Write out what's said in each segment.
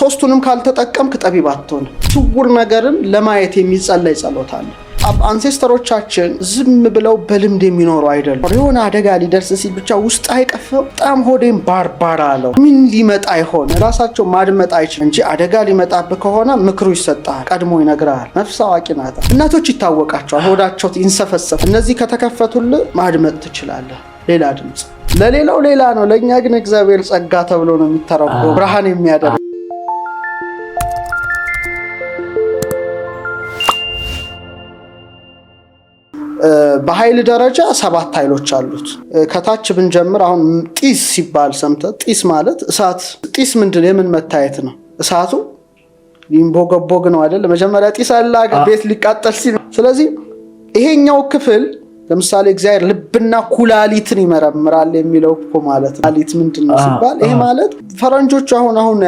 ሶስቱንም ካልተጠቀምክ ጠቢብ አትሆን። ስውር ነገርን ለማየት የሚጸለይ ጸሎት አለ። አንሴስተሮቻችን ዝም ብለው በልምድ የሚኖሩ አይደሉም። የሆነ አደጋ ሊደርስ ሲል ብቻ ውስጥ አይቀፈው በጣም ሆዴን ባርባር አለው ምን ሊመጣ ይሆን? ራሳቸው ማድመጥ አይችል እንጂ አደጋ ሊመጣብህ ከሆነ ምክሩ ይሰጣል፣ ቀድሞ ይነግራል። ነፍስ አዋቂ ናት። እናቶች ይታወቃቸዋል፣ ሆዳቸው ይንሰፈሰፍ። እነዚህ ከተከፈቱልህ ማድመጥ ትችላለህ። ሌላ ድምፅ ለሌላው ሌላ ነው፣ ለእኛ ግን እግዚአብሔር ጸጋ ተብሎ ነው የሚተረጎ ብርሃን የሚያደርግ በኃይል ደረጃ ሰባት ኃይሎች አሉት። ከታች ብንጀምር አሁን ጢስ ሲባል ሰምተ ጢስ ማለት እሳት። ጢስ ምንድን የምን መታየት ነው? እሳቱ ሊንቦገቦግ ነው አይደለ? መጀመሪያ ጢስ አለ ቤት ሊቃጠል ሲል። ስለዚህ ይሄኛው ክፍል ለምሳሌ እግዚአብሔር ልብና ኩላሊትን ይመረምራል የሚለው እኮ ማለት ነው። ኩላሊት ምንድን ነው ሲባል ይሄ ማለት ፈረንጆች አሁን አሁን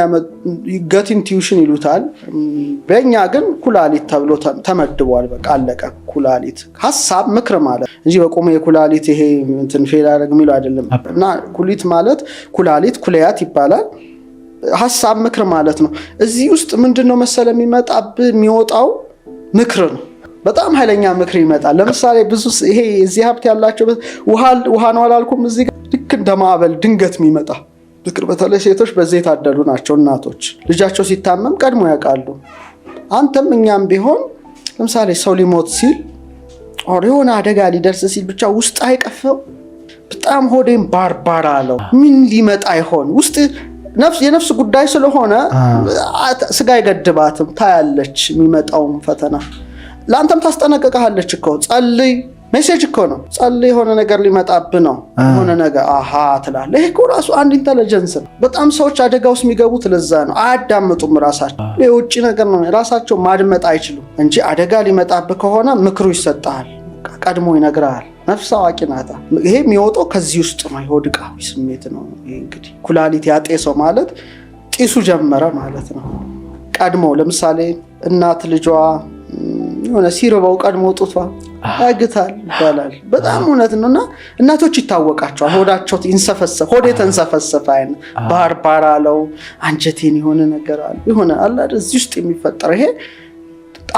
ገት ኢንቲዩሽን ይሉታል። በእኛ ግን ኩላሊት ተብሎ ተመድቧል። በቃ አለቀ። ኩላሊት ሀሳብ፣ ምክር ማለት እንጂ በቆመ የኩላሊት ይሄ እንትን ፌል አደረግ የሚለው አይደለም። እና ኩሊት ማለት ኩላሊት ኩለያት ይባላል። ሀሳብ፣ ምክር ማለት ነው። እዚህ ውስጥ ምንድን ነው መሰለ የሚመጣብህ የሚወጣው ምክር ነው በጣም ኃይለኛ ምክር ይመጣል። ለምሳሌ ብዙ ይሄ እዚህ ሀብት ያላቸው ውሃ ነው አላልኩም? እዚህ ልክ እንደ ማዕበል ድንገት የሚመጣ ፍቅር። በተለይ ሴቶች በዚህ የታደሉ ናቸው። እናቶች ልጃቸው ሲታመም ቀድሞ ያውቃሉ። አንተም እኛም ቢሆን ለምሳሌ ሰው ሊሞት ሲል የሆነ አደጋ ሊደርስ ሲል ብቻ ውስጥ አይቀፈው በጣም ሆዴም ባርባር አለው። ምን ሊመጣ ይሆን ውስጥ የነፍስ ጉዳይ ስለሆነ ስጋ አይገድባትም። ታያለች የሚመጣውን ፈተና ለአንተም ታስጠነቅቀሃለች እኮ ጸልይ ሜሴጅ እኮ ነው። ጸል የሆነ ነገር ሊመጣብ ነው የሆነ ነገር አሀ ትላለ። ይህ እኮ ራሱ አንድ ኢንተለጀንስ ነው። በጣም ሰዎች አደጋ ውስጥ የሚገቡት ለዛ ነው። አያዳምጡም። ራሳቸው የውጭ ነገር ነው። ራሳቸው ማድመጥ አይችሉም እንጂ አደጋ ሊመጣብ ከሆነ ምክሩ ይሰጠሃል፣ ቀድሞ ይነግርሃል። ነፍስ አዋቂ ናታ። ይሄ የሚወጣው ከዚህ ውስጥ ነው። የሆድ ዕቃዊ ስሜት ነው። እንግዲህ ኩላሊት ሰው ማለት ጢሱ ጀመረ ማለት ነው። ቀድሞ ለምሳሌ እናት ልጇ የሆነ ሲርበው ቀድሞ ጡቷ ያግታል ይባላል። በጣም እውነት ነው። እና እናቶች ይታወቃቸዋል። ሆዳቸው ይንሰፈሰፍ ሆዴ ተንሰፈሰፈ አይነ ባህር አለው አንጀቴን የሆነ ነገር አለ የሆነ አለ እዚህ ውስጥ የሚፈጠረው ይሄ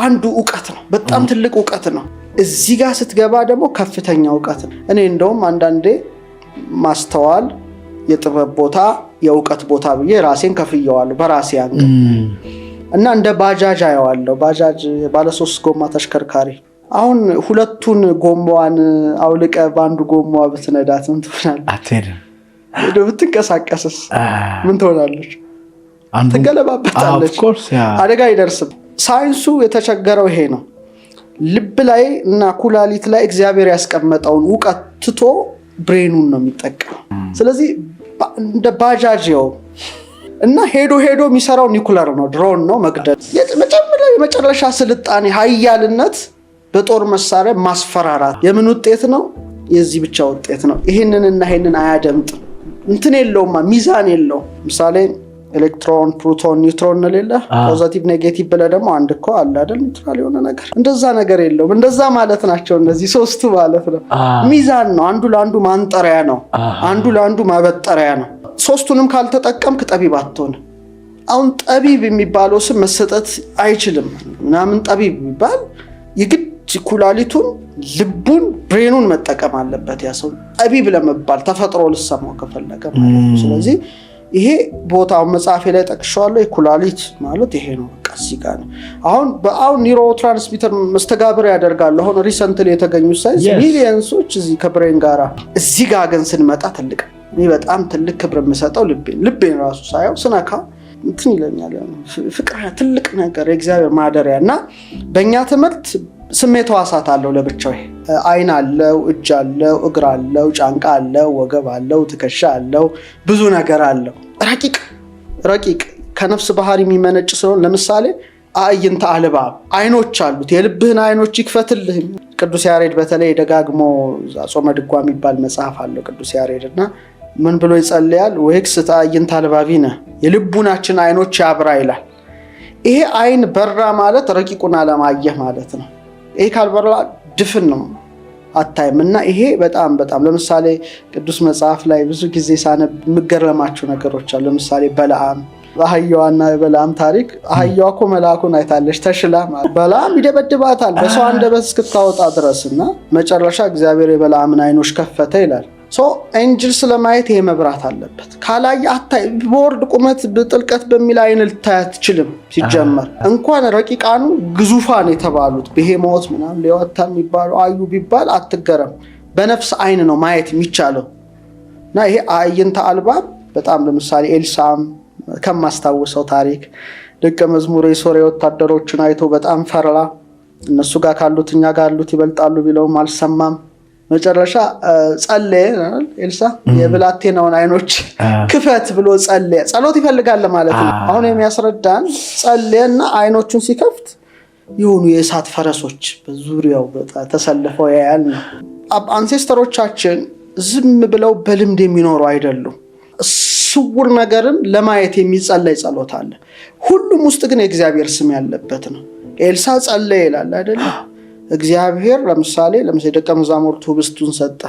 አንዱ እውቀት ነው። በጣም ትልቅ እውቀት ነው። እዚህ ጋር ስትገባ ደግሞ ከፍተኛ እውቀት ነው። እኔ እንደውም አንዳንዴ ማስተዋል የጥበብ ቦታ የእውቀት ቦታ ብዬ ራሴን ከፍየዋለሁ በራሴ አንገ እና እንደ ባጃጅ አየዋለሁ። ባጃጅ ባለሶስት ጎማ ተሽከርካሪ አሁን ሁለቱን ጎማዋን አውልቀ በአንዱ ጎማዋ ብትነዳት ምን ትሆናለች? ብትንቀሳቀስስ ምን ትሆናለች? ትገለባበታለች፣ አደጋ አይደርስም። ሳይንሱ የተቸገረው ይሄ ነው። ልብ ላይ እና ኩላሊት ላይ እግዚአብሔር ያስቀመጠውን እውቀት ትቶ ብሬኑን ነው የሚጠቀመው። ስለዚህ እንደ ባጃጅ ይኸው እና ሄዶ ሄዶ የሚሰራው ኒኩለር ነው፣ ድሮን ነው መግደል። የመጨረሻ ስልጣኔ ሀያልነት በጦር መሳሪያ ማስፈራራት የምን ውጤት ነው? የዚህ ብቻ ውጤት ነው። ይህንን እና ይህንን አያደምጥም። እንትን የለውማ ሚዛን የለው ምሳሌ ኤሌክትሮን ፕሮቶን ኒውትሮን ሌለ ፖዘቲቭ ኔጌቲቭ ብለ ደግሞ አንድ እኮ አለ አይደል ኒውትራል የሆነ ነገር እንደዛ ነገር የለውም እንደዛ ማለት ናቸው እነዚህ ሶስቱ ማለት ነው ሚዛን ነው አንዱ ለአንዱ ማንጠሪያ ነው አንዱ ለአንዱ ማበጠሪያ ነው ሶስቱንም ካልተጠቀምክ ጠቢብ አትሆንም አሁን ጠቢብ የሚባለው ስም መሰጠት አይችልም ምናምን ጠቢብ የሚባል የግድ ኩላሊቱን ልቡን ብሬኑን መጠቀም አለበት ያ ሰው ጠቢብ ለመባል ተፈጥሮ ልሰማው ከፈለገ ማለት ነው ስለዚህ ይሄ ቦታው መጽሐፌ ላይ ጠቅሻዋለሁ። የኩላሊት ማለት ይሄ ነው፣ በቃ እዚህ ጋር ነው። አሁን በአሁን ኒሮ ትራንስሚተር መስተጋብር ያደርጋሉ። አሁን ሪሰንትል የተገኙ ሳይንስ ሚሊየንሶች እዚህ ከብሬን ጋራ። እዚህ ጋር ግን ስንመጣ ትልቅ እኔ በጣም ትልቅ ክብር የምሰጠው ልቤን ልቤን ራሱ ሳየው ስነካ እንትን ይለኛል። ፍቅር ትልቅ ነገር የእግዚአብሔር ማደሪያ እና በእኛ ትምህርት ስሜት ሕዋሳት አለው ለብቻው። አይን አለው፣ እጅ አለው፣ እግር አለው፣ ጫንቃ አለው፣ ወገብ አለው፣ ትከሻ አለው፣ ብዙ ነገር አለው። ረቂቅ ረቂቅ ከነፍስ ባህር የሚመነጭ ስለሆን ለምሳሌ አእይንተ አልባብ አይኖች አሉት። የልብህን አይኖች ይክፈትልህ ቅዱስ ያሬድ በተለይ ደጋግሞ ጾመ ድጓ የሚባል መጽሐፍ አለው ቅዱስ ያሬድ እና ምን ብሎ ይጸልያል? ወይክስት አዕይንተ አልባቢነ የልቡናችን አይኖች ያብራ ይላል። ይሄ አይን በራ ማለት ረቂቁን አለማየህ ማለት ነው። ይሄ ካልበራ ድፍን ነው አታይም። እና ይሄ በጣም በጣም ለምሳሌ ቅዱስ መጽሐፍ ላይ ብዙ ጊዜ ሳነብ የምገረማቸው ነገሮች አሉ። ለምሳሌ በለዓም አህያዋና የበለዓም ታሪክ አህያዋ እኮ መልአኩን አይታለች ተሽላ በለዓም ይደበድባታል በሰው አንደበት እስክታወጣ ድረስ እና መጨረሻ እግዚአብሔር የበለዓምን አይኖች ከፈተ ይላል። ኤንጅል ስለማየት ይሄ መብራት አለበት። ካላየ አታይ ቦርድ ቁመት ጥልቀት በሚል አይን ልታይ አትችልም። ሲጀመር እንኳን ረቂቃኑ ግዙፋን የተባሉት ብሄሞት ምናም ሊወታ የሚባሉ አዩ ቢባል አትገረም። በነፍስ አይን ነው ማየት የሚቻለው እና ይሄ አይንተ አልባብ በጣም ለምሳሌ ኤልሳም ከማስታውሰው ታሪክ ደቀ መዝሙር የሶሪያ ወታደሮችን አይቶ በጣም ፈራ። እነሱ ጋር ካሉት እኛ ጋር ያሉት ይበልጣሉ ቢለውም አልሰማም። መጨረሻ ጸለየ። ኤልሳ የብላቴናውን አይኖች ክፈት ብሎ ጸለየ። ጸሎት ይፈልጋል ማለት ነው። አሁን የሚያስረዳን ጸለየ እና አይኖቹን ሲከፍት የሆኑ የእሳት ፈረሶች በዙሪያው ተሰልፈው ያያል ነው። አንሴስተሮቻችን ዝም ብለው በልምድ የሚኖሩ አይደሉም። ስውር ነገርን ለማየት የሚጸለይ ጸሎት አለ። ሁሉም ውስጥ ግን የእግዚአብሔር ስም ያለበት ነው። ኤልሳ ጸለ ይላል አይደለም እግዚአብሔር ለምሳሌ ለምሳሌ ደቀ መዛሙርቱ ህብስቱን ሰጠ፣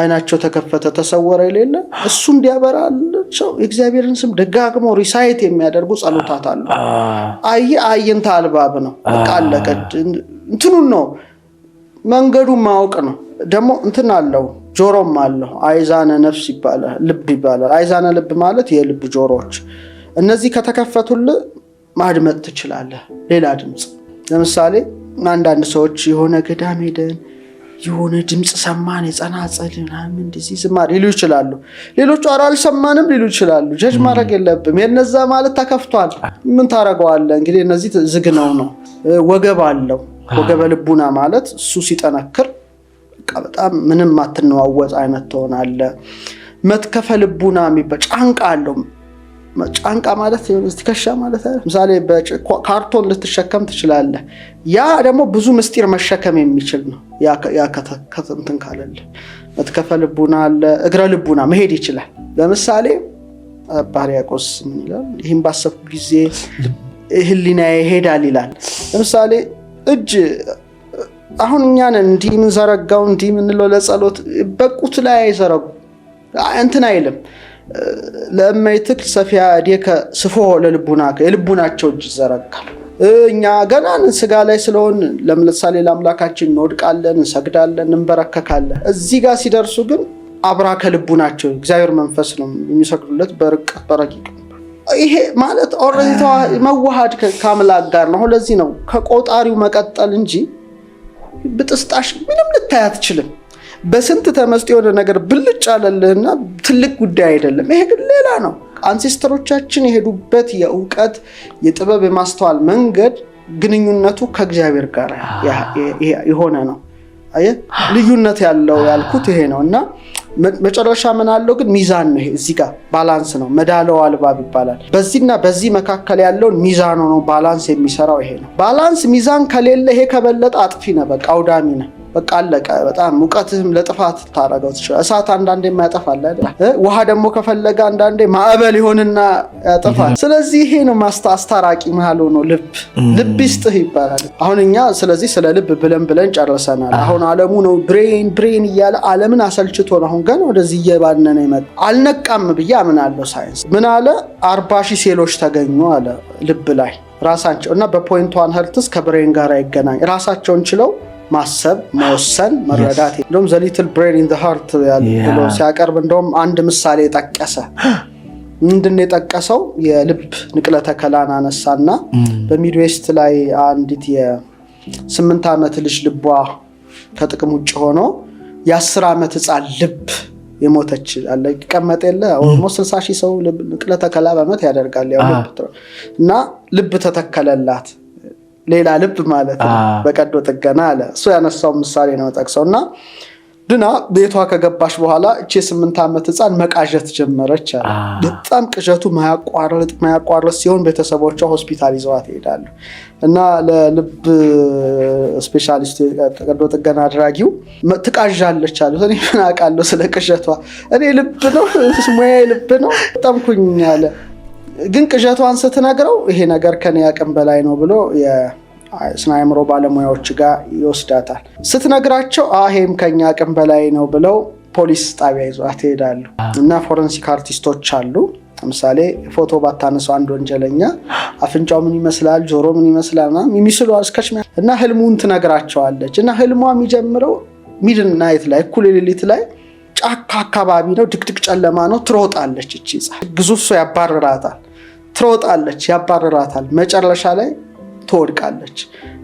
አይናቸው ተከፈተ፣ ተሰወረ የሌለ እሱ እንዲያበራላቸው የእግዚአብሔርን ስም ደጋግሞ ሪሳይት የሚያደርጉ ጸሎታት አሉ። አየ አየንታ አልባብ ነው። በቃ አለቀ። እንትኑን ነው መንገዱን ማወቅ ነው። ደግሞ እንትን አለው ጆሮም አለው። አይዛነ ነፍስ ይባላል፣ ልብ ይባላል። አይዛነ ልብ ማለት የልብ ጆሮዎች። እነዚህ ከተከፈቱልህ ማድመጥ ትችላለህ ሌላ ድምፅ ለምሳሌ አንዳንድ ሰዎች የሆነ ገዳም ሄደን የሆነ ድምፅ ሰማን የጸናጸል ምናምን እንደዚህ ዝማሬ ሊሉ ይችላሉ። ሌሎቹ አራ አልሰማንም ሊሉ ይችላሉ። ጀጅ ማድረግ የለብም። የነዛ ማለት ተከፍቷል። ምን ታደረገዋለ? እንግዲህ። እነዚህ ዝግ ነው። ወገብ አለው። ወገበ ልቡና ማለት እሱ ሲጠነክር በጣም ምንም አትነዋወጥ አይነት ትሆናለ። መትከፈ ልቡና የሚባል ጫንቃ አለው ጫንቃ ማለት ትከሻ ማለት ምሳሌ ካርቶን ልትሸከም ትችላለህ። ያ ደግሞ ብዙ ምስጢር መሸከም የሚችል ነው። ያ እንትን ካለለ መትከፈ ልቡና አለ፣ እግረ ልቡና መሄድ ይችላል። ለምሳሌ ጳሪያቆስ ምን ይላል? ይህም ባሰብኩ ጊዜ ህሊና ይሄዳል ይላል። ለምሳሌ እጅ አሁን እኛን እንዲህ የምንዘረጋው እንዲህ የምንለው ለጸሎት በቁት ላይ አይዘረጉ እንትን አይልም ለመይትክ ሰፊያ ዴከ ስፎ ለልቡና የልቡናቸው እጅ ዘረጋ። እኛ ገና ስጋ ላይ ስለሆን ለምሳሌ ለአምላካችን እንወድቃለን፣ እንሰግዳለን፣ እንበረከካለን። እዚህ ጋር ሲደርሱ ግን አብራ ናቸው እግዚአብሔር መንፈስ ነው የሚሰግዱለት በርቅ በረቂቅ ይሄ ማለት ኦልሬዲ መዋሃድ ከአምላክ ጋር ነው። ለዚህ ነው ከቆጣሪው መቀጠል እንጂ ብጥስጣሽ ምንም ልታይ አትችልም። በስንት ተመስጦ የሆነ ነገር ብልጭ አለልህና ትልቅ ጉዳይ አይደለም። ይሄ ግን ሌላ ነው። አንሴስተሮቻችን የሄዱበት የእውቀት የጥበብ የማስተዋል መንገድ ግንኙነቱ ከእግዚአብሔር ጋር የሆነ ነው። ልዩነት ያለው ያልኩት ይሄ ነው እና መጨረሻ ምን አለው ግን ሚዛን ነው። እዚህ ጋር ባላንስ ነው። መዳለው አልባብ ይባላል። በዚህና በዚህ መካከል ያለውን ሚዛን ነው ባላንስ የሚሰራው ይሄ ነው። ባላንስ ሚዛን ከሌለ ይሄ ከበለጠ አጥፊ ነው፣ በቃ አውዳሚ ነው። በቃ አለቀ። በጣም እውቀትህም ለጥፋት ታረገው ትችላለህ። እሳት አንዳንዴ ያጠፋል። ውሃ ደግሞ ከፈለገ አንዳንዴ ማዕበል ይሆንና ያጠፋል። ስለዚህ ይሄ ነው አስታራቂ መሀል ሆኖ ልብ ልብ ይስጥህ ይባላል። አሁን እኛ ስለዚህ ስለ ልብ ብለን ብለን ጨርሰናል። አሁን አለሙ ነው ብሬን ብሬን እያለ አለምን አሰልችቶ ነው። አሁን ገና ወደዚህ እየባነነ ይመጣ አልነቃም ብዬ አምናለሁ። ሳይንስ ምን አለ? አርባ ሺህ ሴሎች ተገኙ አለ ልብ ላይ ራሳቸው እና በፖይንቷን ሄርትስ ከብሬን ጋር ይገናኝ ራሳቸውን ችለው ማሰብ፣ መወሰን፣ መረዳት እንደውም ዘ ሊትል ብሬን ኢን ዘ ሃርት ብሎ ሲያቀርብ እንደውም አንድ ምሳሌ ጠቀሰ። ምንድን የጠቀሰው የልብ ንቅለ ተከላን አነሳና mm. በሚድዌስት ላይ አንዲት የስምንት ዓመት ልጅ ልቧ ከጥቅም ውጭ ሆኖ የአስር ዓመት ሕፃን ልብ የሞተች አለ ይቀመጥ የለ mm. ኦልሞስት ስልሳ ሺህ ሰው ንቅለ ተከላ በመት ያደርጋል ah. እና ልብ ተተከለላት ሌላ ልብ ማለት ነው በቀዶ ጥገና አለ። እሱ ያነሳው ምሳሌ ነው ጠቅሰው እና ድና ቤቷ ከገባሽ በኋላ እቺ የስምንት ዓመት ህፃን መቃዠት ጀመረች አለ። በጣም ቅዠቱ ማያቋርጥ ማያቋርጥ ሲሆን ቤተሰቦቿ ሆስፒታል ይዘዋት ይሄዳሉ እና ለልብ ስፔሻሊስት ቀዶ ጥገና አድራጊው ትቃዣለች አለ እኔ ምን አውቃለሁ ስለ ቅዠቷ፣ እኔ ልብ ነው ሙያ ልብ ነው በጣም ኩኝ አለ። ግን ቅዠቷን ስትነግረው ይሄ ነገር ከኔ አቅም በላይ ነው ብሎ ስነ አእምሮ ባለሙያዎች ጋር ይወስዳታል። ስትነግራቸው ይሄም ከኛ አቅም በላይ ነው ብለው ፖሊስ ጣቢያ ይዟት ይሄዳሉ። እና ፎረንሲክ አርቲስቶች አሉ። ለምሳሌ ፎቶ ባታነሳው አንድ ወንጀለኛ አፍንጫው ምን ይመስላል፣ ጆሮ ምን ይመስላል የሚስሉ አስከሽ እና ህልሙን ትነግራቸዋለች። እና ህልሟ የሚጀምረው ሚድን ናይት ላይ እኩል ሌሊት ላይ ጫካ አካባቢ ነው፣ ድቅድቅ ጨለማ ነው። ትሮጣለች። እቺ ግዙፍ ሰው ያባርራታል። ትሮጣለች፣ ያባርራታል። መጨረሻ ላይ ትወድቃለች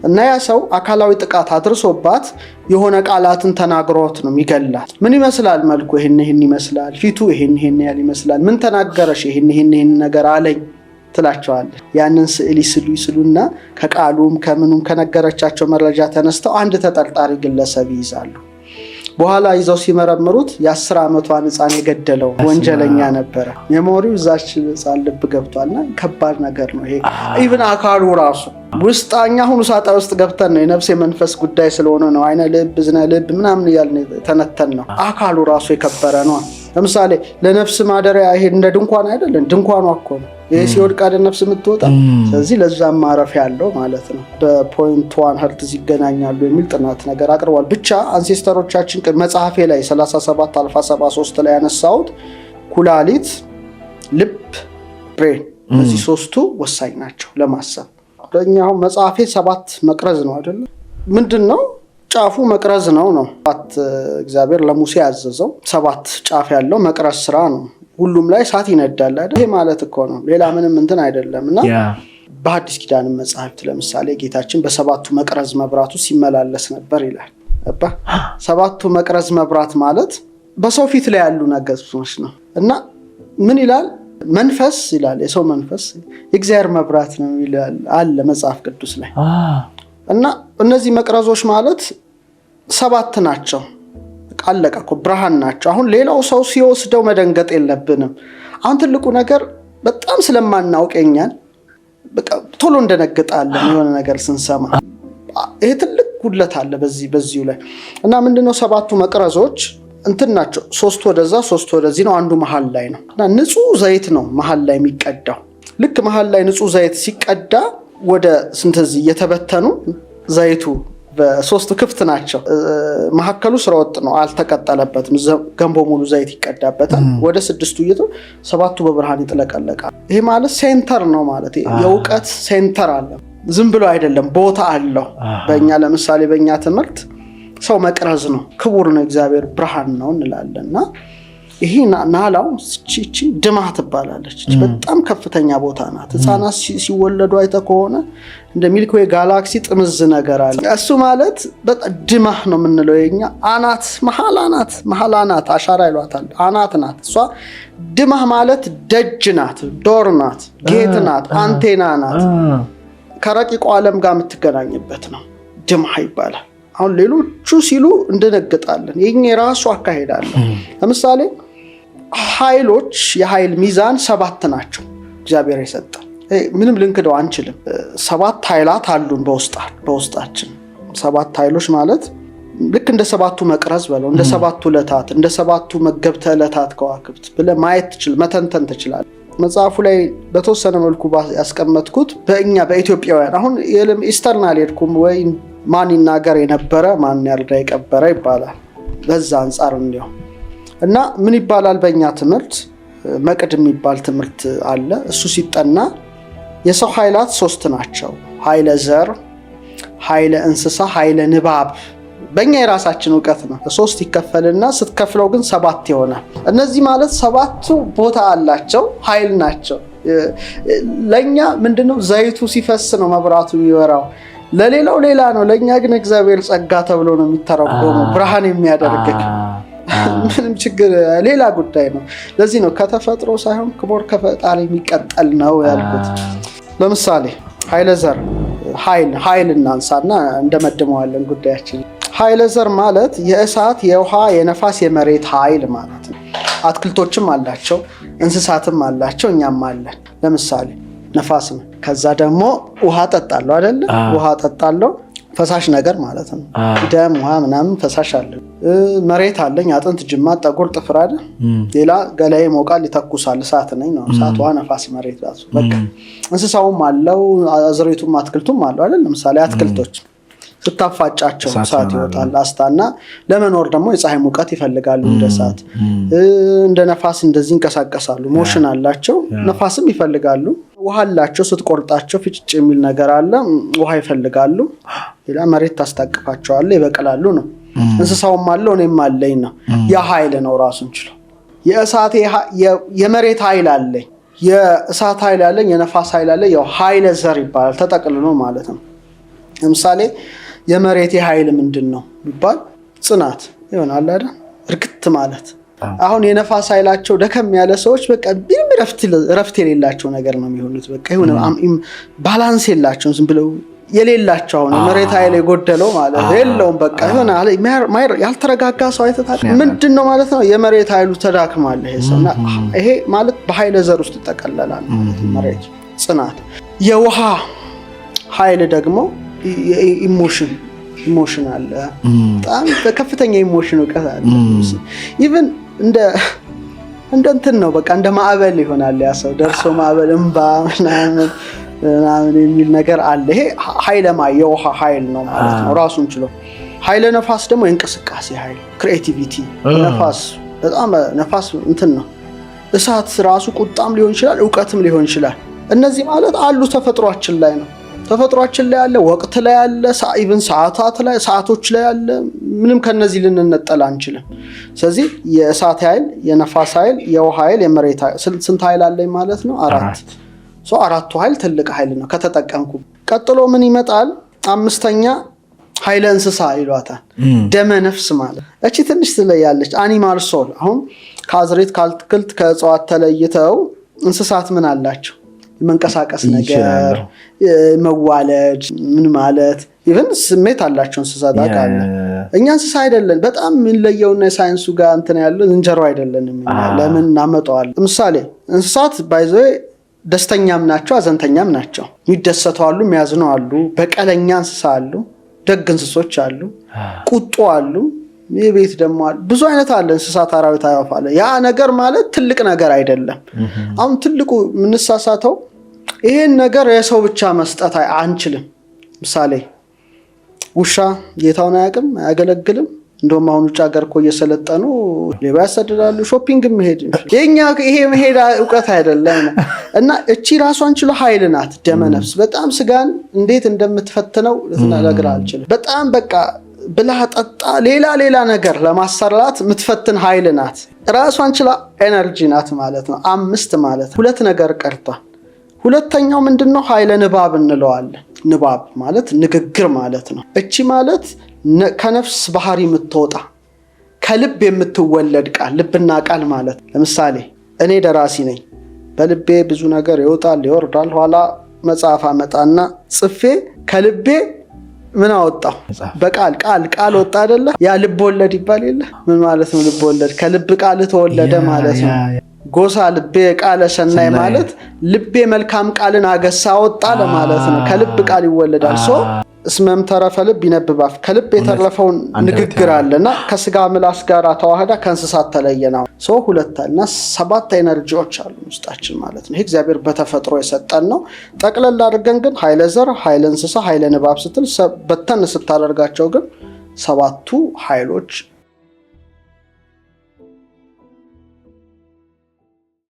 እና ያ ሰው አካላዊ ጥቃት አድርሶባት የሆነ ቃላትን ተናግሮት ነው የሚገላት። ምን ይመስላል? መልኩ ይህን ይህን ይመስላል፣ ፊቱ ይህን ይህን ያል ይመስላል። ምን ተናገረሽ? ይህን ይህን ይህን ነገር አለኝ ትላቸዋለች። ያንን ስዕል ይስሉ ይስሉና ከቃሉም ከምኑም ከነገረቻቸው መረጃ ተነስተው አንድ ተጠርጣሪ ግለሰብ ይይዛሉ። በኋላ ይዘው ሲመረምሩት የአስር ዓመቷን ህፃን የገደለው ወንጀለኛ ነበረ። ሜሞሪው እዛች ህፃን ልብ ገብቷልና ከባድ ነገር ነው ይሄ። ኢቭን አካሉ ራሱ ውስጣኛ ሁኑ ሳጣ ውስጥ ገብተን ነው የነፍስ የመንፈስ ጉዳይ ስለሆነ ነው። አይነ ልብ፣ እዝነ ልብ ምናምን እያልን ተነተን ነው። አካሉ ራሱ የከበረ ነው። ለምሳሌ ለነፍስ ማደሪያ ይሄ እንደ ድንኳን አይደለም፣ ድንኳኗ እኮ ነው የሲኦል ቃደ ነፍስ የምትወጣ ስለዚህ ለዛ ማረፊያ አለው ማለት ነው። በፖይንት ዋን ሄርትዝ ይገናኛሉ የሚል ጥናት ነገር አቅርቧል። ብቻ አንሴስተሮቻችን መጽሐፌ ላይ 37 አልፋ 73 ላይ ያነሳሁት ኩላሊት፣ ልብ፣ ብሬን እነዚህ ሶስቱ ወሳኝ ናቸው ለማሰብ። ለእኛ መጽሐፌ ሰባት መቅረዝ ነው አይደለ። ምንድን ነው ጫፉ መቅረዝ ነው ነው እግዚአብሔር ለሙሴ ያዘዘው ሰባት ጫፍ ያለው መቅረዝ ስራ ነው። ሁሉም ላይ እሳት ይነዳል አይደል? ይሄ ማለት እኮ ነው፣ ሌላ ምንም እንትን አይደለም። እና በአዲስ ኪዳን መጽሐፍት ለምሳሌ ጌታችን በሰባቱ መቅረዝ መብራቱ ሲመላለስ ነበር ይላል። ሰባቱ መቅረዝ መብራት ማለት በሰው ፊት ላይ ያሉ ነገሮች ነው። እና ምን ይላል? መንፈስ ይላል፣ የሰው መንፈስ የእግዚአብሔር መብራት ነው ይላል አለ መጽሐፍ ቅዱስ ላይ። እና እነዚህ መቅረዞች ማለት ሰባት ናቸው። አለቀ እኮ ብርሃን ናቸው። አሁን ሌላው ሰው ሲወስደው መደንገጥ የለብንም። አሁን ትልቁ ነገር በጣም ስለማናውቅ የኛን ቶሎ እንደነግጣለን የሆነ ነገር ስንሰማ። ይሄ ትልቅ ጉድለት አለ በዚህ በዚሁ ላይ እና ምንድነው ሰባቱ መቅረዞች እንትን ናቸው። ሶስት ወደዛ ሶስት ወደዚህ ነው። አንዱ መሀል ላይ ነው እና ንጹህ ዘይት ነው መሀል ላይ የሚቀዳው። ልክ መሀል ላይ ንጹህ ዘይት ሲቀዳ ወደ ስንትዚህ እየተበተኑ ዘይቱ በሶስት ክፍት ናቸው። መካከሉ ስራ ወጥ ነው፣ አልተቀጠለበትም። ገንቦ ሙሉ ዘይት ይቀዳበታል። ወደ ስድስቱ እየቶ ሰባቱ በብርሃን ይጥለቀለቃል። ይሄ ማለት ሴንተር ነው ማለት የእውቀት ሴንተር አለ። ዝም ብሎ አይደለም፣ ቦታ አለው። በእኛ ለምሳሌ በእኛ ትምህርት ሰው መቅረዝ ነው፣ ክቡር ነው፣ እግዚአብሔር ብርሃን ነው እንላለንና ይሄ ናላው ቺቺ ድማ ትባላለች። በጣም ከፍተኛ ቦታ ናት። ህፃናት ሲወለዱ አይተ ከሆነ እንደ ሚልክዌ ጋላክሲ ጥምዝ ነገር አለ። እሱ ማለት በጣም ድማ ነው የምንለው የኛ አናት መሀል አናት መሀል አናት አሻራ ይሏታል። አናት ናት እሷ። ድማ ማለት ደጅ ናት፣ ዶር ናት፣ ጌት ናት፣ አንቴና ናት። ከረቂቁ ዓለም ጋር የምትገናኝበት ነው። ድማ ይባላል። አሁን ሌሎቹ ሲሉ እንደነግጣለን። የኛ የራሱ አካሄዳለን። ለምሳሌ ኃይሎች የኃይል ሚዛን ሰባት ናቸው እግዚአብሔር የሰጠ ምንም ልንክደው አንችልም። ሰባት ኃይላት አሉን በውስጣችን። ሰባት ኃይሎች ማለት ልክ እንደ ሰባቱ መቅረዝ በለው እንደ ሰባቱ ዕለታት እንደ ሰባቱ መገብተ ዕለታት ከዋክብት ብለ ማየት ትችል መተንተን ትችላል። መጽሐፉ ላይ በተወሰነ መልኩ ያስቀመጥኩት በእኛ በኢትዮጵያውያን አሁን የለም ኢስተርን አልሄድኩም ወይ ማን ይናገር የነበረ ማን ያልዳ የቀበረ ይባላል። በዛ አንጻር እንዲያው እና ምን ይባላል በእኛ ትምህርት መቅድ የሚባል ትምህርት አለ። እሱ ሲጠና የሰው ኃይላት ሶስት ናቸው። ኃይለ ዘር፣ ኃይለ እንስሳ፣ ኃይለ ንባብ በእኛ የራሳችን እውቀት ነው። ሶስት ይከፈልና ስትከፍለው ግን ሰባት ይሆናል። እነዚህ ማለት ሰባቱ ቦታ አላቸው፣ ኃይል ናቸው። ለእኛ ምንድነው ዘይቱ ሲፈስ ነው መብራቱ የሚበራው። ለሌላው ሌላ ነው፣ ለእኛ ግን እግዚአብሔር ጸጋ ተብሎ ነው የሚተረጎመው፣ ብርሃን የሚያደርግ ምንም ችግር ሌላ ጉዳይ ነው። ለዚህ ነው ከተፈጥሮ ሳይሆን ክብር ከፈጣሪ የሚቀጠል ነው ያልኩት። ለምሳሌ ኃይለ ዘር ኃይል ኃይል እናንሳና እንደመድመዋለን ጉዳያችን። ኃይለ ዘር ማለት የእሳት፣ የውሃ፣ የነፋስ፣ የመሬት ኃይል ማለት ነው። አትክልቶችም አላቸው፣ እንስሳትም አላቸው፣ እኛም አለን። ለምሳሌ ነፋስ ከዛ ደግሞ ውሃ ጠጣለሁ አይደለ? ውሃ ጠጣለሁ፣ ፈሳሽ ነገር ማለት ነው። ደም ውሃ ምናምን ፈሳሽ አለን። መሬት አለኝ፣ አጥንት፣ ጅማ ጠጉር፣ ጥፍር አለ ሌላ ገላይ ሞቃል፣ ይተኩሳል፣ እሳት ነኝ ነው። እሳት፣ ነፋስ፣ መሬት ራሱ እንስሳውም አለው፣ አዝሬቱም አትክልቱም አለው አይደል? ለምሳሌ አትክልቶች ስታፋጫቸው እሳት ይወጣል፣ አስታ እና ለመኖር ደግሞ የፀሐይ ሙቀት ይፈልጋሉ እንደ እሳት። እንደ ነፋስ እንደዚህ ይንቀሳቀሳሉ፣ ሞሽን አላቸው፣ ነፋስም ይፈልጋሉ። ውሃ አላቸው፣ ስትቆርጣቸው ፍጭጭ የሚል ነገር አለ፣ ውሃ ይፈልጋሉ። ሌላ መሬት ታስታቅፋቸዋለ፣ ይበቅላሉ ነው እንስሳውም አለው እኔም አለኝ ነው። ያ ኃይል ነው ራሱን ችሎ የእሳቴ የመሬት ኃይል አለኝ፣ የእሳት ኃይል አለኝ፣ የነፋስ ኃይል አለኝ። ያው ኃይለ ዘር ይባላል ተጠቅልሎ ማለት ነው። ለምሳሌ የመሬቴ ኃይል ምንድን ነው ይባል ጽናት ይሆናል አይደል? እርግት ማለት አሁን የነፋስ ኃይላቸው ደከም ያለ ሰዎች በቃ ምንም ረፍት የሌላቸው ነገር ነው የሚሆኑት። በቃ ባላንስ የላቸውም ዝም ብለው የሌላቸው አሁን መሬት ኃይል የጎደለው ማለት የለውም። በቃ የሆነ ያልተረጋጋ ሰው አይተታል። ምንድን ነው ማለት ነው የመሬት ኃይሉ ተዳክማለ። ይሄ ማለት በኃይለ ዘር ውስጥ ይጠቀለላል። መሬት ጽናት፣ የውሃ ኃይል ደግሞ ኢሞሽን ኢሞሽን አለ። በጣም በከፍተኛ ኢሞሽን እውቀት አለ። ኢቨን እንደ እንደ እንትን ነው በቃ እንደ ማዕበል ይሆናል ያ ሰው ደርሶ ማዕበል እምባ ምናምን ምናምን የሚል ነገር አለ። ይሄ ኃይለ የውሃ ኃይል ነው ማለት ነው ራሱን ችሎ። ኃይለ ነፋስ ደግሞ የእንቅስቃሴ ሀይል ክሬቲቪቲ፣ ነፋስ በጣም ነፋስ እንትን ነው። እሳት ራሱ ቁጣም ሊሆን ይችላል፣ እውቀትም ሊሆን ይችላል። እነዚህ ማለት አሉ ተፈጥሯችን ላይ ነው ተፈጥሯችን ላይ ያለ ወቅት ላይ ያለ ኢቭን ሰዓታት ላይ ሰዓቶች ላይ ያለ ምንም ከነዚህ ልንነጠል አንችልም። ስለዚህ የእሳት ኃይል፣ የነፋስ ኃይል፣ የውሃ ኃይል፣ የመሬት ኃይል ስንት ኃይል አለኝ ማለት ነው አራት ሰው አራቱ ኃይል ትልቅ ኃይል ነው ከተጠቀምኩ። ቀጥሎ ምን ይመጣል? አምስተኛ ኃይለ እንስሳ ይሏታል። ደመ ነፍስ ማለት እቺ ትንሽ ትለያለች። አኒማል ሶል አሁን ከአዝሬት ካልትክልት ከእጽዋት ተለይተው እንስሳት ምን አላቸው? መንቀሳቀስ ነገር፣ መዋለድ፣ ምን ማለት ኢቨን ስሜት አላቸው እንስሳት አቃለ እኛ እንስሳ አይደለን። በጣም የምንለየውና የሳይንሱ ጋር እንትን ያለ ዝንጀሮ አይደለንም። ለምን እናመጣዋለን? ምሳሌ እንስሳት ባይዘ ደስተኛም ናቸው፣ አዘንተኛም ናቸው። የሚደሰቱ አሉ፣ የሚያዝኑ አሉ። በቀለኛ እንስሳ አሉ፣ ደግ እንስሶች አሉ፣ ቁጡ አሉ፣ የቤት ደግሞ አሉ። ብዙ አይነት አለ፣ እንስሳት፣ አራዊት፣ አዕዋፍ አለ። ያ ነገር ማለት ትልቅ ነገር አይደለም። አሁን ትልቁ የምንሳሳተው ይሄን ነገር የሰው ብቻ መስጠት አንችልም። ምሳሌ ውሻ ጌታውን አያውቅም፣ አያገለግልም እንደውም አሁን ውጭ ሀገር እኮ እየሰለጠኑ ሌባ ያሳድዳሉ። ሾፒንግ መሄድ የኛ ይሄ መሄድ እውቀት አይደለም። እና እቺ ራሷን ችሎ ኃይል ናት፣ ደመነፍስ በጣም ስጋን እንዴት እንደምትፈትነው ልትነግር አልችልም። በጣም በቃ ብላ ጠጣ፣ ሌላ ሌላ ነገር ለማሰራት የምትፈትን ኃይል ናት። ራሷን ችላ ኤነርጂ ናት ማለት ነው። አምስት ማለት ሁለት ነገር ቀርቷል። ሁለተኛው ምንድን ነው? ኃይለ ንባብ እንለዋለን። ንባብ ማለት ንግግር ማለት ነው። እቺ ማለት ከነፍስ ባህሪ የምትወጣ ከልብ የምትወለድ ቃል፣ ልብና ቃል ማለት ለምሳሌ እኔ ደራሲ ነኝ። በልቤ ብዙ ነገር ይወጣል ይወርዳል። ኋላ መጽሐፍ አመጣና ጽፌ ከልቤ ምን አወጣው? በቃል ቃል ቃል ወጣ አይደለ? ያ ልብ ወለድ ይባል የለ? ምን ማለት ነው ልብ ወለድ? ከልብ ቃል ተወለደ ማለት ነው። ጎሳ ልቤ ቃለ ሰናይ ማለት ልቤ መልካም ቃልን አገሳ አወጣ ለማለት ነው። ከልብ ቃል ይወለዳል። ሶ እስመም ተረፈ ልብ ይነብባፍ ከልብ የተረፈውን ንግግር አለና ከስጋ ምላስ ጋር ተዋህዳ ከእንስሳት ነው። ሶ ሁለት እና ሰባት ኤነርጂዎች አሉ ውስጣችን ማለት ነው። ይህ እግዚአብሔር በተፈጥሮ የሰጠን ነው። ጠቅለል አድርገን ግን ኃይለ ዘር፣ ኃይለ እንስሳ፣ ኃይለ ንባብ ስትል በተን ስታደርጋቸው ግን ሰባቱ ኃይሎች